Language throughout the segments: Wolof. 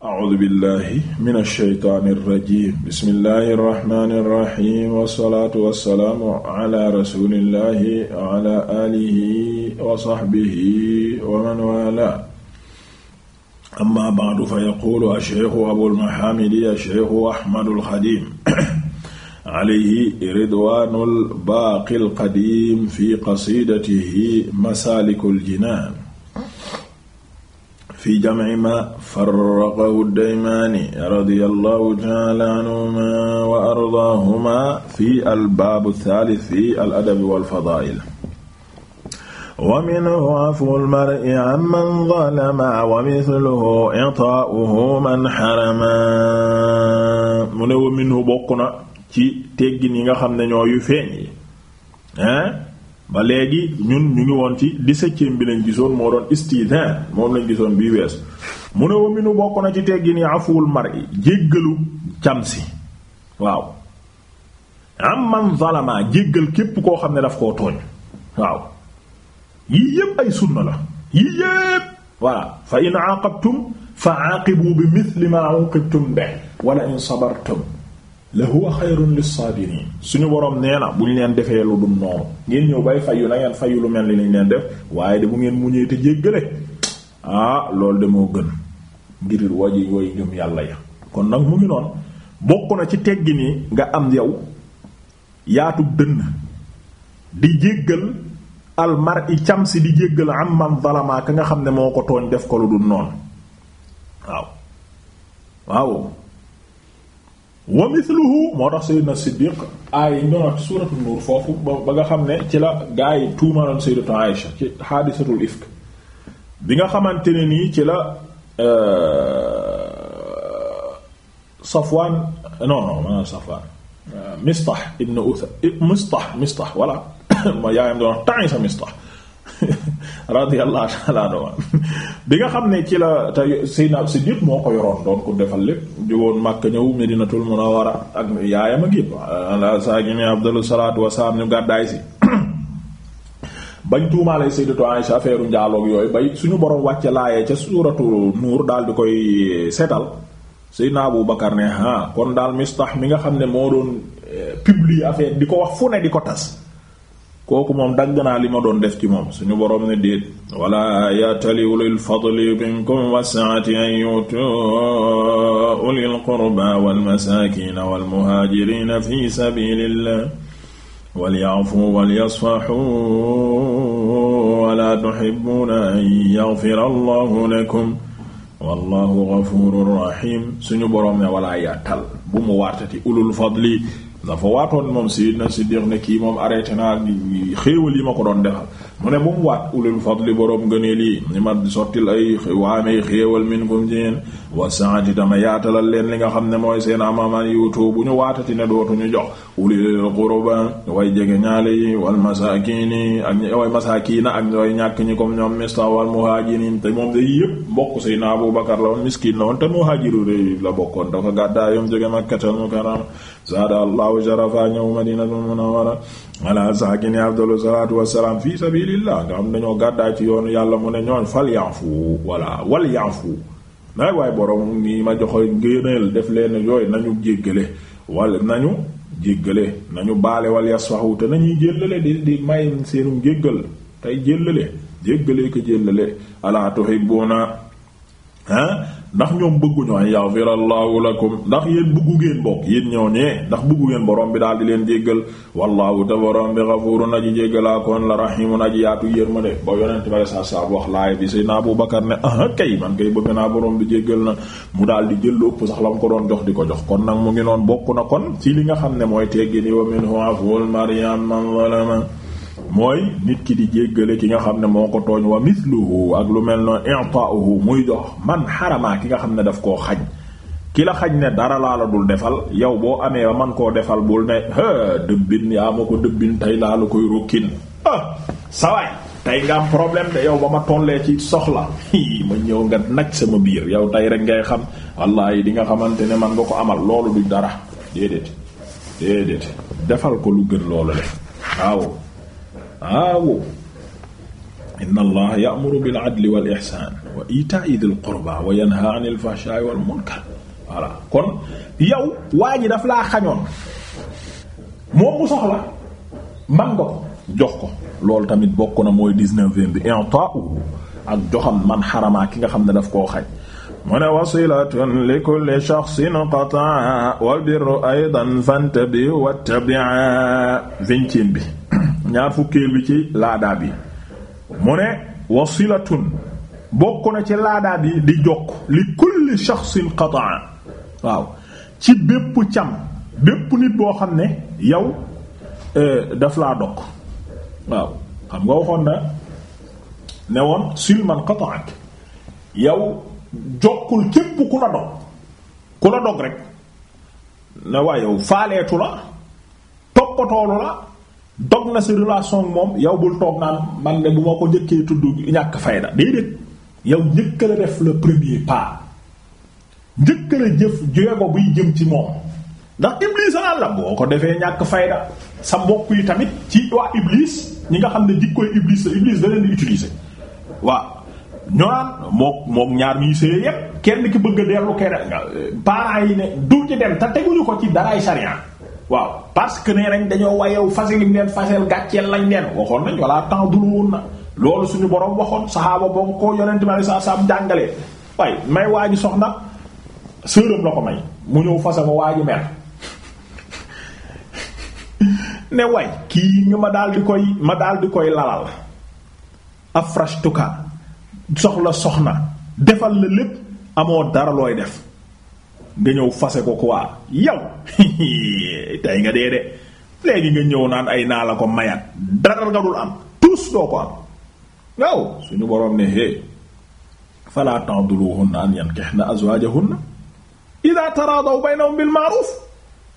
audu billahi min alsheytaani irrajim bismillahi irrahmani irrahim wassalaatu wassalaamu ala rasulillahi wala aalihi wa saxbihi wa man wala amma baadu fa yaquulu alsheikhu abulmahamidi alsheikhu ahmadulxadim alayhi ridwaanul baaqil qadiim fi qasiidatihi masaalikul jinaan fi jamci ma faraqahu daymaani radiyallahu taala anhuma wa ardaahuma fi albaabu thaalith fi aladabi walfadaa'il wa minhu afwu almari amman zalama wa mithluhu itaa'uhu man harama mu ne wa minhu bokk na ci teggin yi nga xam ne ñooyu feeñ yi ba léegi ñun ñu ngi woon ci di septième bi lañ gisoon moo doon istizan moom lañ gisoon bii wees mu ne wa minu bokk na ci teggi ni afuwul mar i jéggalu cam si waaw am man zalama jéggal képp koo xam ne daf ko tooñ waaw yii yépp ay sunna la yii yépp voilà fa in aqabtum fa aqibu bi mithli ma uqibtum be wala in sabartum la huwa xayrun lis suñu borom nee na bu ñu leen defee lu dum noonu ngeen ñëw bay fayu na ngeen fayu lu mel ni lañ leen def waaye de bu ngeen muñee te jéggale ah loolu de moo gën ngir waji woy ngëm yàlla ya kon nag mu ngi noonu bokk na ci teggi nii nga am yow yaatu dënn di jéggal almar i cam si di jéggal am man zalama nga xam ne moo ko tooñ def ko lu dul noonu waaw waaw wa mithluhu moo tax sayyidna siddiq aay yi ñu doon wax suuratu nuur foofu ba nga xam ne ci la gaa yi tuumaloon sayyidatu Aïsha ci xaadisatul ifk bi nga xamante ne nii ci la euh, Safwaan non non maanaam Safwaan euh, Mistah ibn Utha Mistah Mistah voilà ma yaayam doon wax Ta'isa Mistah radiyallahu ta'ala anhu bi nga xam ne ci la te si Siddiq moo ko yoroon doon ko defal lépp jógoon Makka ñëw Medinatul Munawwara ak yaayam ak yëpp ala saakini afdalu salaatu wasalaam ñu gàddaay si bañ tuumaale Sayyidatu Aisha affaire njaaloog yooyu bay suñu borom wàcce laayee ca suuratu nuur daal di koy seetal Sayyidina Abu Bakar ne ah kon daal Mistah mi nga xam ne moo doon eh, publier affaire di ko wax fu ne di ko tas kooku moom dagg naa li ma doon def ci moom suñu boroom ne déet wala yatali ulil fadli minkum wasaati an yutu ulil qurba wal masakina wal muhajirina fi sabilillah walyaafu walyasfaxu wala tuxibuuna an yaxfira allahu lakum wallahu gafurun rahim suñu boroom ne walaa yàttal bu mu waartati ulul fadli dafa waatoon moom si Siddiq na kii moom arrêté naa xéewal yi ma ko doon defal mu ne bu mu waat ulul fadli boroom gëneel lii ni ma sottil ay waamey xéewal minkum ci yéen wa saati dama yaatalal leen li nga xam ne mooy seen amaman yuutoo bu ñu waatati ne dootuñu jox ulil qurba way jege ñaale yi wal masakini ak way masakina ak way ñàkk ñi kom ñoom mista wal muhajirin te moom day yëpp mbokk Sayyidina Abu Bakar la woon miskin la woon te muhajiru la bokkoon dafa gàddaa yoom zaada allahu sharafa ñëw madinatul munawwara ala saakini afdalu salaatu wassalaam fi sabilillah nga xam dañoo gàddaa ci yoonu yàlla mu ne ñooñ fal yaafu walla wal yaafu naay waaye borom mi ma joxo ngéeneel def leen yooyu nañu jéggale wal nañu jéggale nañu baale wal yasfahu te nañuy jéllale di di may seenu njéggal tey jéllale jéggale ko jéllale ala tuhibuna ah ndax ñoom bëgguñu an yaxfirallahu lakum ndax yéen bëggu ngeen bokk yéen ñëw ñee ndax bëggu ngeen borom bi daal di leen jéggal wallahu bu borom bi xafuurun aji jéggalaakoon la rahimun aji yaatu yér ma de ba yonente ma saa saa wax laay bi say na Abu Bakar ne ah kay man kay bëgg naa borom bi jéggal na mu daal di jël lu ëpp sax la mu ko doon jox di ko jox kon nag mu ngi noon bokk na kon ci li nga xam ne mooy teggi ni wa minhu afwul maryam man zalama mooy nit ki di jéggale ki nga xam ne moo ko tooñ wa mithluhu ak lu mel noonu i'ta'uhu muy jox man xaramaa ki nga xam ne daf koo xaj ki la xañ ne dara laa la dul defal yow boo amee ba man koo defal bul ne dëbbin yaa ma ko dëbbin tey laa la koy rukkin ah sawaay tey nga am problème de yow ba ma tollee ci soxla ma ñëw nga naj sama biir yow tey rek ngay xam wallaahi di nga xamante ne man nga ko amal loolu du dara déedéet déedéet defal ko lu gën loolu waaw inna allaha ya'muru bil adli wal ihsaan wa itaa'i dhil qurba wa yanha 'anil fahshaa'i wal munkar voilà kon yow waa ji daf laa xañoon moom mu soxla man nga ko jox ko loolu tamit bokk na mooy dix-neuvième bi i'taa'u ak joxam man xaramaa ki nga xam ne daf koo xañ mu ne wasilatun li kulli shaxsin qata'a wal birru aydan fantabi wattabi'a vingtième bi ñaar fukkeel bi ci laadaa bi mu ne wasilatun bokk na ci laadaa bi di jokk li kulli shaxsin qataa waaw ci bépp cam bépp nit boo xam ne yow euh, daf laa dog waaw xam nga waxoon na ne woon silman qata'ak yow jokkul képp ku la dog ku la dog rek ne waa yow faaleetu la toppatoolu la dog na si relation moom yow bul toog naan man de bu ma ko njëkkee tudd ñàkk fayda déedéet yow njëkk la def la premier pas njëkk la jëf jéego buy jëm ci moom ndax iblis la boo ko defee ñàkk fayda sa mbokk yi tamit ci waa iblis ñi nga xam ne jikkooy iblis la iblis da di utiliser waaw ñu naan mook mook ñaar ñuy sëy yépp kenn ki bëgg a dellu keneen parents yi ne du ci dem te teguñu ko ci daraay sariya waaw parce que nee nañ dañoo wayew fase gi leen faseel gàcceel lañ leen waxoon nañ walla temps dul woon na loolu suñu boroom waxoon saxaaba boo ko yonent bi saa saam jàngalee waaye may waa ji soxna sërëm la ko may mu ñëw fase ko waa ji mer ne way kii nga ma daal di koy ma daal di koy lalal afrashtuka soxla soxna defal la lépp amoo dara looy def nga ñëw fase ko quoi yow tey nga dee de léegi nga ñëw naan ay naa la ko mayaat dara nga dul am tous doo ko am waaw suñu boroom ne hé fala a an yankihna azwajahunna idha taradaw baynahum bil ma'ruf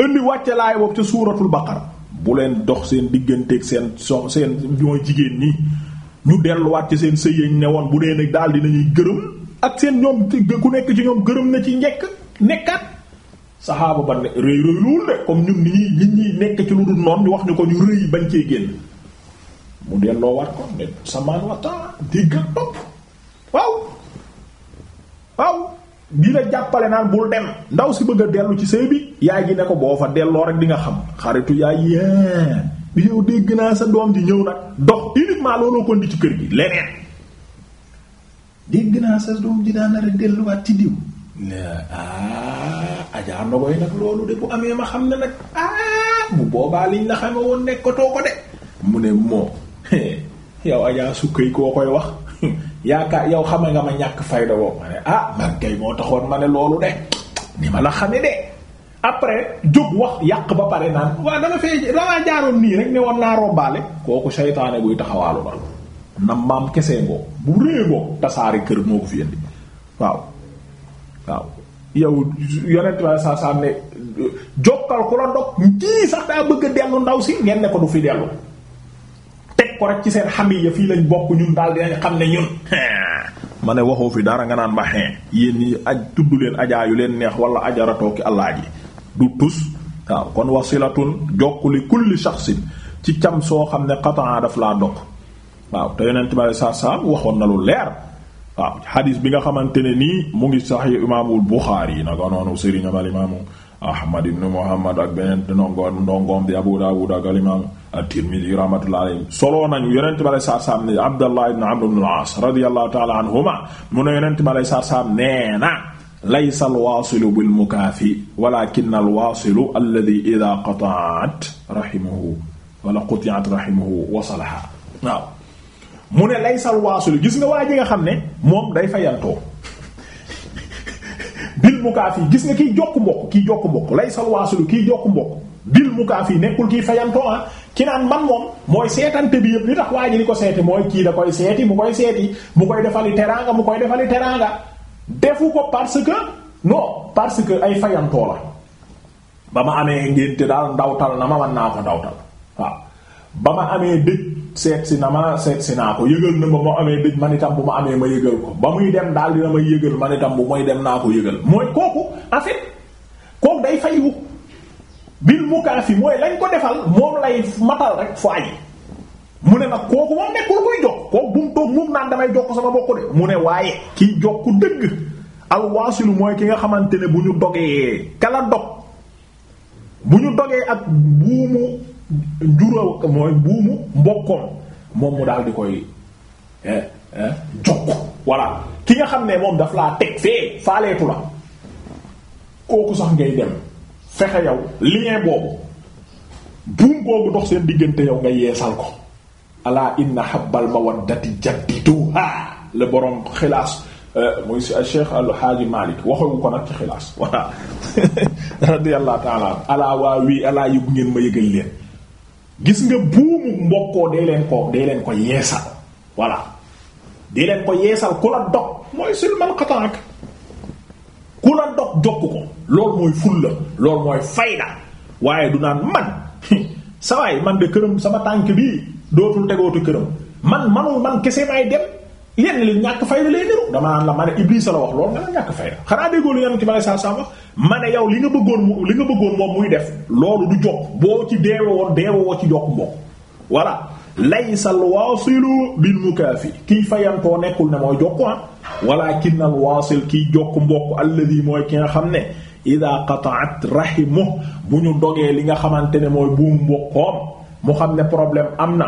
indi wàcce laay boobu ca suuratul baqara bu leen dox seen digganteeg seen so seen ñooy jigéen ñi ñu delluwaat ci seen sëy yañ ne woon bu dee nag daal dinañuy gërëm ak seen ñoom ku nekk ci ñoom gërëm na ci njekk nekkaat saxaaba ba ne rëy rëy loolu de comme ñun ni ñuy nekk ci lu dul noonu ñu wax ñu ko ñu rëy bañ cee génn mu delloo war ko ne samaan waxtaan dégg ak topp waaw waaw di la jàppale naan bul dem ndaw si bëgg dellu ci sëy bi yaay ji ne ko boo fa delloo rek di nga xam xaritu yaay yee bi yow dégg naa sa doom di ñëw nag dox uniquement looloo ko indi ci kër gi leneen dégg naa sa doom di daan rek delluwaat ci diw ah Adja Ndogoy nag loolu de bu amee ma xam ne nag ah bu boobaa liñ la xame woon nekkatoo ko de mu ne moo yow Adja sukkay koo koy wax yaakaar yow xame nga ma ñàkk fayda boo ma ne ah man kay moo taxoon ma ne loolu de ni ma la xame de après jóg wax yàq ba pare naan waaw dama fee danaa jaaroon nii rek ne woon naa rombaale kooku seytaane buy taxawaalu la nam maam kese ngoo bu réegoo tasaari kër moo ko fi indi waaw waaw yow yonent saa saa ne jokkal ku la dog kii sax daa bëgg a dellu ndaw si ngeen ne ko du fi dellu teg ko rek ci seen xamiya fii lañ bokk ñun daal dinañ xam ne ñun ma ne waxoo fi dara nga naan ma xeen yéen ñi aj tudd leen ajaa yu leen neex wala ajaratoo ki allah ji du tus waaw kon wasilatun jokkuli kulli shaxsin ci cam soo xam ne qataa daf laa dog waaw te yonent ba saa saa waxoon na lu leer waaw xadis bi nga xamante ne nii mu ngi Sahih imaamul Buxaari yi naka noonu sëriñam al imaamu Ahmad ibn Muhammad ak beneen ndongoom ndongoom bi Abu Daawud ak al imaam at-Tirmidhi rahmatullahi alayhi solo nañu yonent bi alayhi salaatu salaam ne Abdallah ibn Amr ibn al-As radiyallahu ta'ala anhuma mu ne yonent bi alayhi salaatu salaam nee na laysa al-waasilu bil mukaafi walaakinna al-waasilu alladhi idhaa qata'at rahimahu wala quti'at rahimahu wasalaha waaw mu ne lay sal waasul gis nga waa ji nga xam ne moom day fayantoo bil mukaafi gis nga kiy jokk mbokk kiy jokk mbokk lay sal waasul kiy jokk mbokk bil mukaafi nekkul kiy fayantoo ah ki naan man moom mooy seetante bi yëpp li tax waa ji li ko seeti mooy kii da koy seeti mu koy seeti mu koy defali teraanga mu koy defali teraanga defu ko parce que non parce que ay fayantoo la ba ma amee ngénte daal ndawtal na ma man naa ko ndawtal waaw ba ma amee seet si na ma seetsi si naa ko yëgal na ma ma amee dëj man bu ma amee ma yëgal ko ba muy dem daal dina may yëgal man itam bu may dem naa ko yëgal mooy kooku en fait kooku day fayu bil fi mooy lañ ko defal moom lay matal rek fo yi mu ne nag kooku moom nekkul koy jokk kooku bu mu toog moom naan damay jokk sama bokk de mu ne waaye kiy jokku dëgg alwaasilu mooy ki nga xamante ne bu ñu dogee kala dog bu ñu dogee ak buumu njuróo mooy buumu mbokkoon moom mu daal di koy eh, eh, jokk voilà ki nga xam ne moom daf laa teg fee faaleetu la kooku sax ngay dem fexe yow lien boobu buum boobu dox seen diggante yow nga yeesal ko ala inna habbal mawaddati jaddiduha le borom xilaas eh, mooy Cheikh Al Hadji Malick waxoon ko nag ci xilaas voilà radiyallahu ta'ala ala waa wii alaa yëgu ngeen ma yëgal leen gis nga buumu mbokkoo dee leen ko dee leen ko yeesal voilà dee leen ko yeesal ku la dog mooy silmal xataak ku la dog jokk ko loolu mooy fulla loolu mooy fayda waaye du naan man sawaay man de këram sama tànk bii dootul tegootu këram man manul man kese may dem yenn li ñàkk fayda lay niru dama naan la ma ne Iblis la wax loolu nga la ñàkk fayda xanaa déggoo li yonent bi sallallahu alayhi wasallam ma yow li nga bëggoon li nga bëggoon moom muy def loolu du jokk boo ci deewe woon deewe woo ci jokk mbokk voilà laysa alwaasilu bil mukaafi kii fayantoo nekkul ne mooy jokk ah walakin alwaasil kii jokk mbokk alladi mooy ki nga xam ne ida qataat rahimu bu ñu dogee li nga xamante ne mooy buum mbokkoom mu xam ne problème am na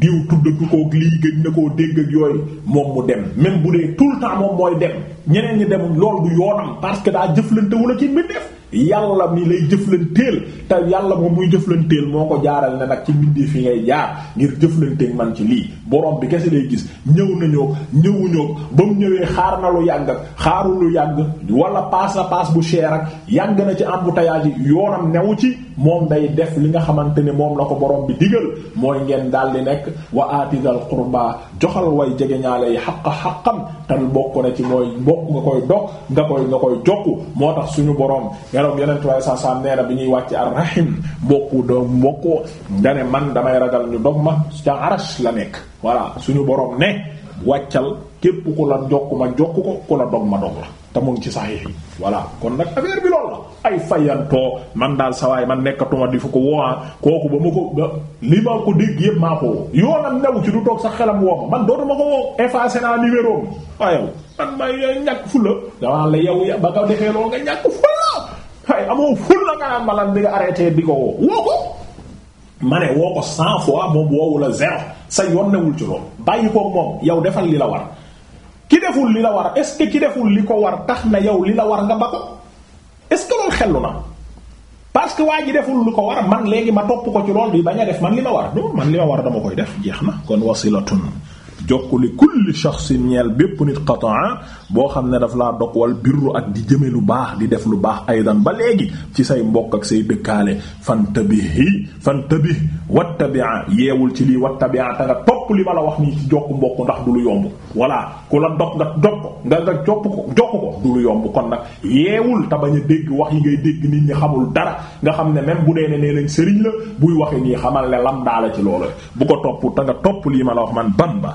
diw tuddatu koog lii gën na koo dégg ak yooyu moom mu dem même bu dee tout le temps moom mooy dem ñeneen ñi dem lool du yoonam parce que daa jëflante wala ci mbindeef yàlla mi lay jëflanteel te yàlla moom muy jëflanteel moo ko jaaral ne nag ci mbindeef yi ngay jaar ngir jëflanteeg man ci lii borom bi kese lay gis ñëw nañoo ñëwuñoo ba mu ñëwee xaar na lu yàgg ak xaarul lu yàgg wala paas na paas bu cher ak yàgg na ci embouteillage yi yoonam newu ci moom day def li nga xamante ne moom la ko borom bi digal mooy ngeen daldi nekk nekk wa aatidal qurba joxal way jegeñaale yi xaq xaqam tal bokk na ci mooy bokk nga koy dog nga koy nga koy jokku moo tax suñu boroom yarom yeneentu way sa sam nee bi ñuy wàcc ar rahim mbokku do mbokkoo dane man damay ragal ñu dog ma ca arash la nekk voilà suñu boroom ne wàccal képp ku la jokk ma jokk ko ku la dog ma dog la te mu ci saxiix yi voilà kon nag affaire bi loolu la ay fayantoo man daal sawaay man nekkatuma di fu ko woo ah. kooku ba ma ko ba li ma ko dégg yëpp ci du sax xelam woo ma ko woo naa numéro am ah, yow yow amoo fula nga naan ma lan di nga arrêté ne woo ko cent moom woowu la zéro sa yoon newul ci loolu bàyyi koog moom yow defal li la war deful li la war est-ce que ki deful li ko war tax na yow li la war nga ba ko est-ce que loolu xellu na parce que waa ji deful li ko war man léegi ma topp ko ci lool bi bañ a def man li ma war non man li ma war dama koy def jeex na kon wasilatun jox ko li kulli shaxsin ñeel bépp nit qataa boo xam ne daf laa dog wal birru ak di jëme lu baax di def lu baax aydan ba léegi ci say mbokk ak say dëkkaale fantabihi fantabih wattabia yeewul ci lii wattabia ta nga topp li ma la wax nii ci jokk ndax du lu yomb voilà ku la dog nga nga nga jokk ko ko du lu yomb kon nag yeewul te bañ a dégg wax yi ngay dégg nit ñi xamul dara nga xam ne même bu dee ne nee nañ sëriñ la buy waxe nii xamal ne lam daala ci loolu bu ko topp ta nga topp lii ma la wax man Bamba